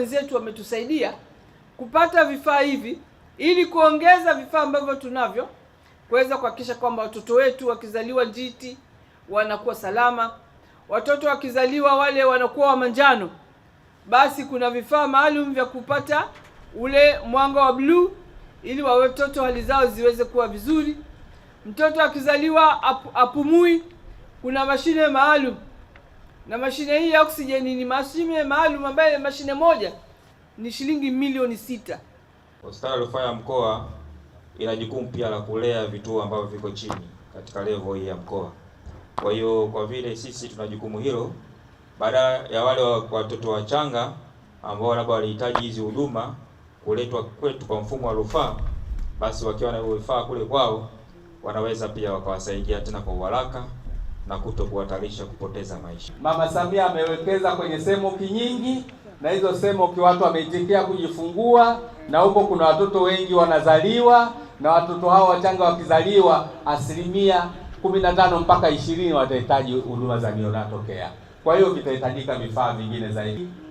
Wenzetu wametusaidia kupata vifaa hivi ili kuongeza vifaa ambavyo tunavyo kuweza kuhakikisha kwamba watoto wetu wakizaliwa njiti wanakuwa salama, watoto wakizaliwa wale wanakuwa wa manjano, basi kuna vifaa maalum vya kupata ule mwanga wa bluu ili watoto hali zao ziweze kuwa vizuri. Mtoto akizaliwa ap, apumui, kuna mashine maalum na mashine hii ya oksijeni ni mashine maalum ambayo mashine moja ni shilingi milioni sita. Hospitali ya Rufaa ya Mkoa ina jukumu pia la kulea vituo ambavyo viko chini katika level hii ya mkoa. Kwa hiyo kwa vile sisi tuna jukumu hilo, baada ya wale watoto wachanga ambao labda walihitaji hizi huduma kuletwa kwetu kwa mfumo wa rufaa, basi wakiwa na vifaa kule kwao wanaweza pia wakawasaidia tena kwa uharaka na kutokuhatarisha kupoteza maisha. Mama Samia amewekeza kwenye semoki nyingi, na hizo semoki watu wameitikia kujifungua, na huko kuna watoto wengi wanazaliwa, na watoto hao wachanga wakizaliwa, asilimia kumi na tano mpaka ishirini watahitaji huduma za neonatal care. Kwa hiyo vitahitajika vifaa vingine zaidi.